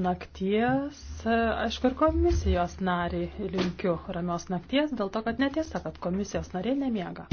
nakties. Aišku, ir komisijos nariai linkiu ramios nakties, dėl to, kad netiesa, kad komisijos nariai nemiega.